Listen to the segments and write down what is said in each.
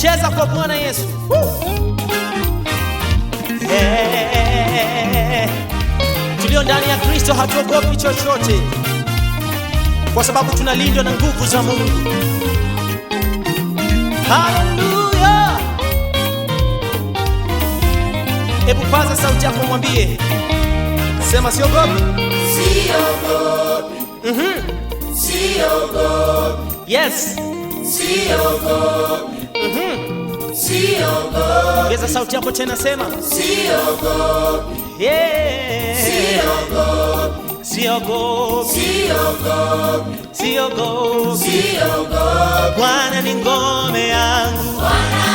Cheza kwa Bwana Yesu. Eh, tulio ndani ya Kristo hatuogopi chochote kwa sababu tunalindwa na nguvu za Mungu. Haleluya! Hebu paza sauti yako, mwambie, sema siogopi, siogopi. Mhm, siogopi. Yes, siogopi mm Ongeza sauti hapo tena, sema Siogopi. Bwana ni ngome yangu. Bwana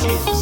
Jesus.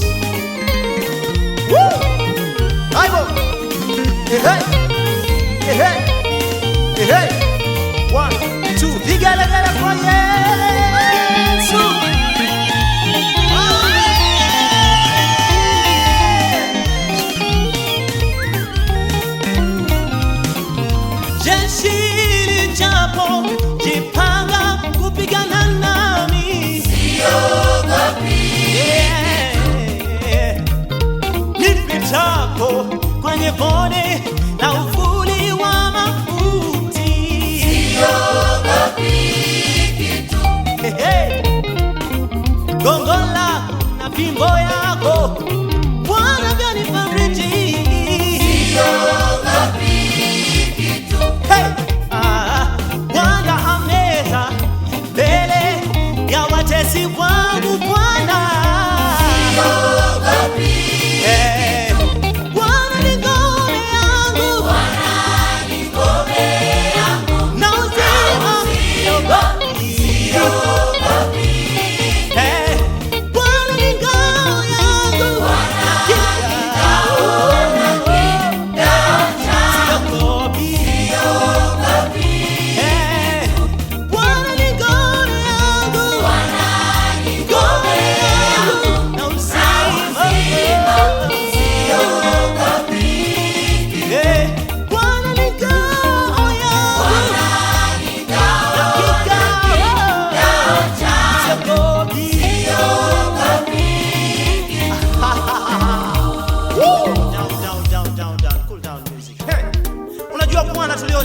zako kwenye bonde na uvuli wa mafuti. Siogopi kitu. Hey, hey. Gongo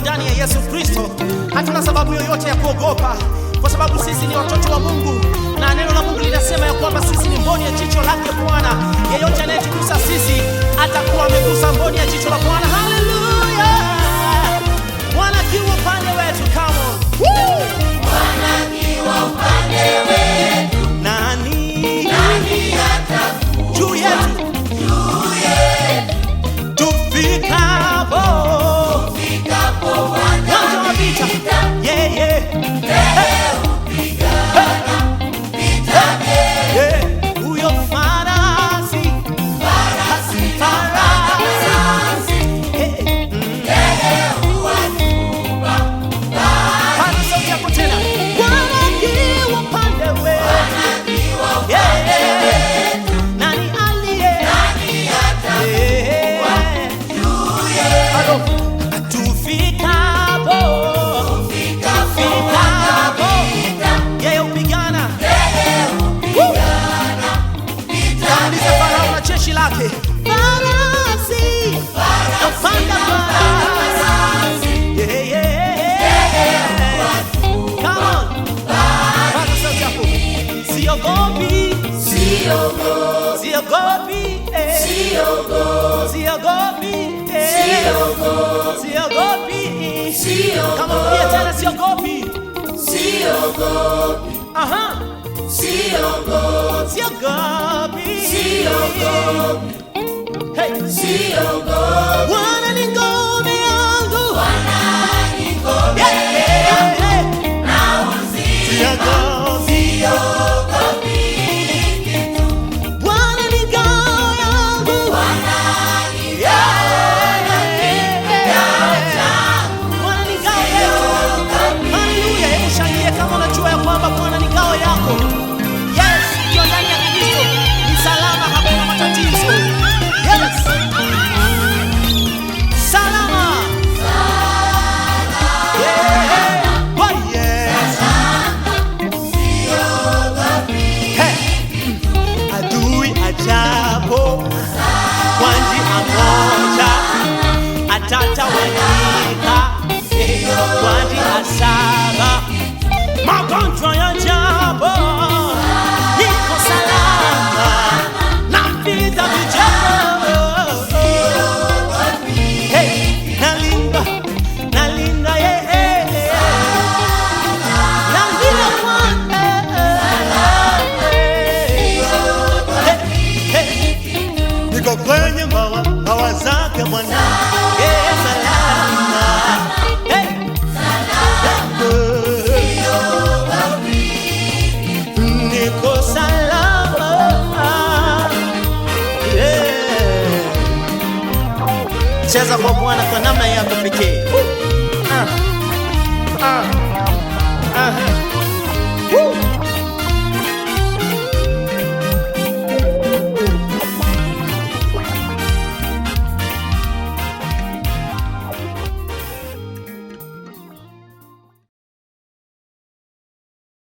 ndani ya Yesu Kristo, hatuna sababu yoyote ya kuogopa, kwa sababu sisi ni watoto wa Mungu, na neno la Mungu linasema ya kwamba sisi ni mboni ya jicho lake Bwana. Yeyote anayetugusa sisi atakuwa amegusa mboni ya jicho la Bwana. siogopi, siogopi, kama pia tena siogopi, aha, salama, magonjwa ya jambo iko salama na vita vijana Cheza kwa Bwana kwa namna yako pekee.